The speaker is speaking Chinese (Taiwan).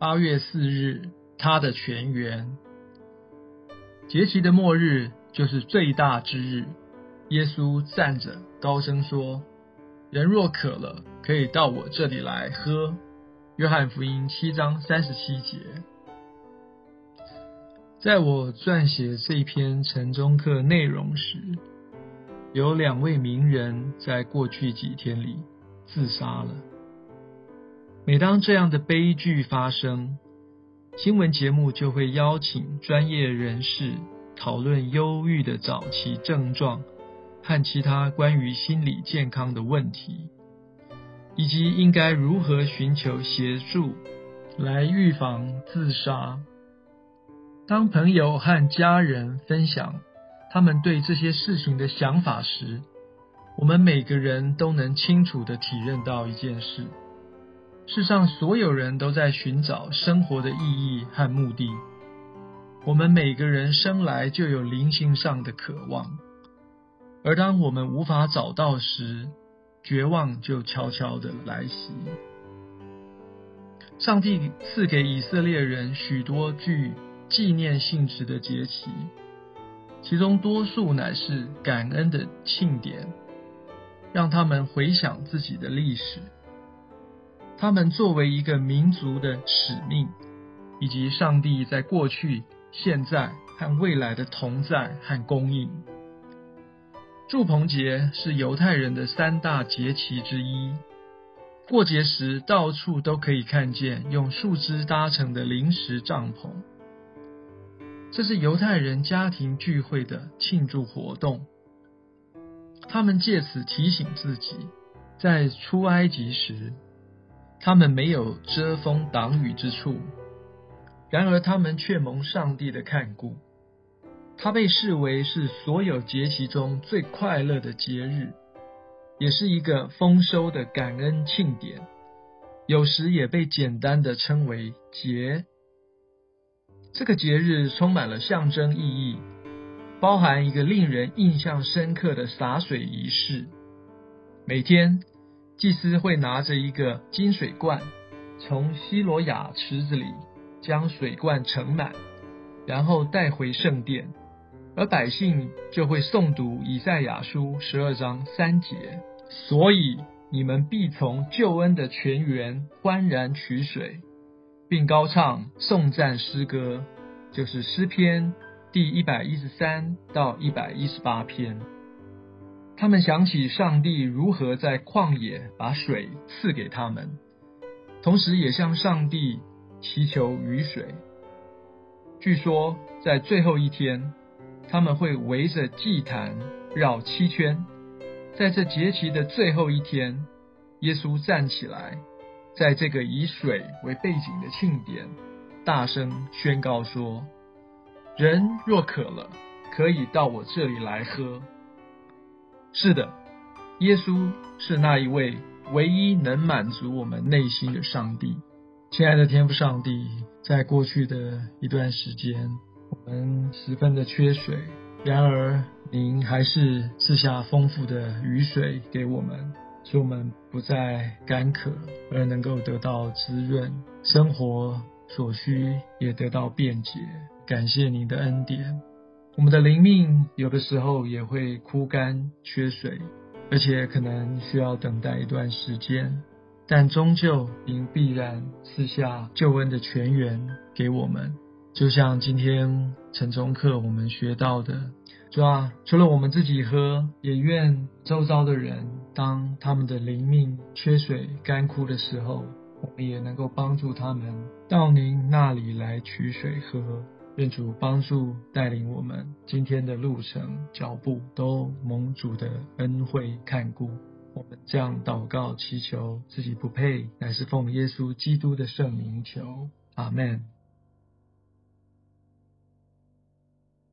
八月四日，祂的泉源。節期的末日就是最大之日。耶穌站着，高聲說：“人若渴了，可以到我這裡來喝。”約翰福音七章三十七節。在我撰寫這篇晨鐘課內容時，有兩位名人在過去幾天裡自殺了。每當這樣的悲劇發生，新聞節目就會邀請專業人士討論憂鬱的早期症狀和其他關於心理健康的問題，以及應該如何尋求協助來預防自殺。當朋友和家人分享他們對這些事情的想法時，我們每個人都能清楚地體認到一件事。世上所有人都在尋找生活的意義和目的。我們每個人生來就有靈性上的渴望，而當我們無法找到時，絕望就悄悄地來襲。上帝賜給以色列人許多具紀念性質的節期，其中多數乃是感恩的慶典，讓他們回想自己的歷史。他們作為一個民族的使命，以及上帝在過去、現在和未來的同在和供應。住棚節是猶太人的三大節期之一。過節時，到處都可以看見用樹枝搭成的臨時帳篷。這是猶太人家庭聚會的慶祝活動。他們借此提醒自己，在出埃及時。他們沒有遮風擋雨之處，然而他們卻蒙上帝的看顧。它被視為是所有節期中最快樂的節日，也是一個豐收的感恩慶典。有時也被簡單的稱為“節”。這個節日充滿了象徵意義，包含一個令人印象深刻的灑水儀式。每天。祭司會拿着一個金水罐，從西羅亞池子裡將水罐盛滿，然後帶回聖殿，而百姓就會誦讀以賽亞書十二章三節。所以你們必從救恩的泉源歡然取水，並高唱頌讚詩歌，就是詩篇第一百一十三到一百一十八篇。他們想起上帝如何在曠野把水賜給他們，同時也向上帝祈求雨水。據說在最後一天，他們會圍着祭壇繞七圈。在這節期的最後一天，耶穌站起來，在這個以水為背景的慶典，大聲宣告說：“人若渴了，可以到我這裡來喝。”是的，耶穌是那一位唯一能滿足我們內心的上帝。親愛的天父上帝，在過去的一段時間，我們十分的缺水，然而您還是賜下豐富的雨水給我們，使我們不再乾渴，而能夠得到滋潤，生活所需也得到便捷。感謝您的恩典。我們的靈命有的時候也會枯乾缺水，而且可能需要等待一段時間，但終究您必然賜下救恩的泉源給我們。就像今天晨鐘課我們學到的，主啊，除了我們自己喝，也願周遭的人，當他們的靈命缺水乾枯的時候，我們也能夠幫助他們到您那裡來取水喝。願主幫助帶領我們今天的路程腳步，都蒙主的恩惠看顧。我們這樣禱告祈求，自己不配，乃是奉耶穌基督的聖名求。阿門。